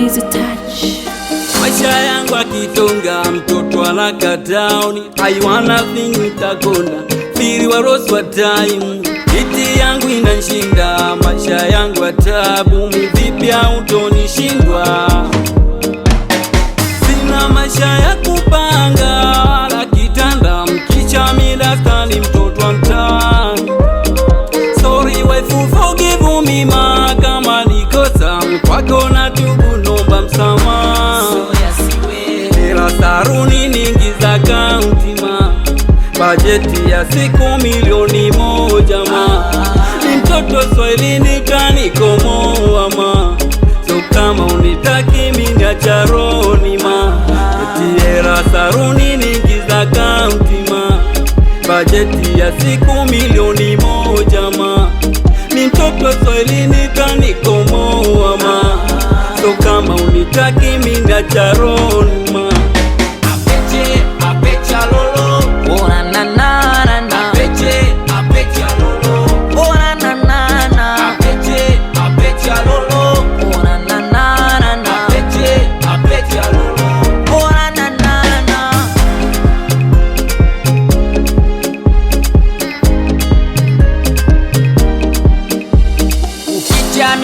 busy touch. Maisha yangu akitonga mtoto alaka down I want nothing nitakona fili wa rose wa time iti yangu inanshinda maisha yangu atabu mivipya uto bajeti ya siku milioni moja ma ni mtoto swahilini kanikomoa ma so kama unitaki miniacharoni ma etiera saruni ningiza kaunti ma bajeti ya siku milioni moja ma ni mtoto swahilini kanikomoa ma so kama unitaki miniacharoni ma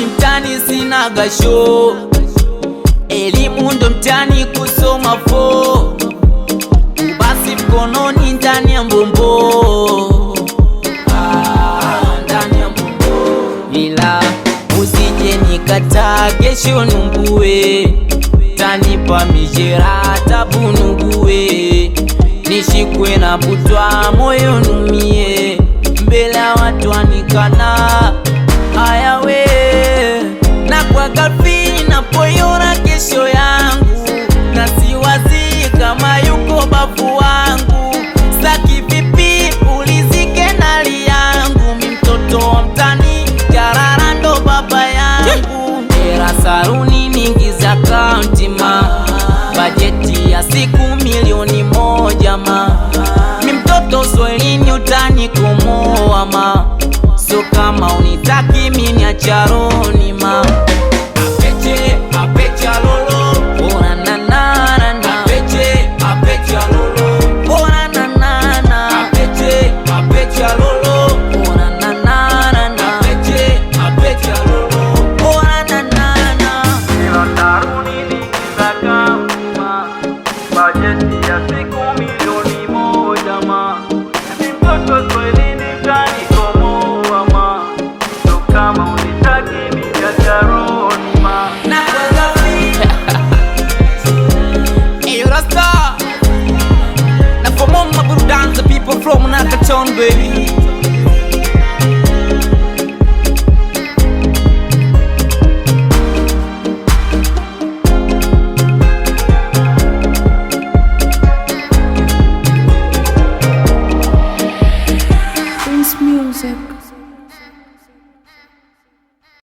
mtani sina gasho, elimu ndo mtani kusoma fo, basi mkononi ndani ya mbombo ah, ila usije nikata kesho nungue tanipa mijera tabu nunguwe nishikwe na butwa moyo numie mbele watu anikana kumuoa ma, so kama unitaki mini acharoni town, baby. Prince music.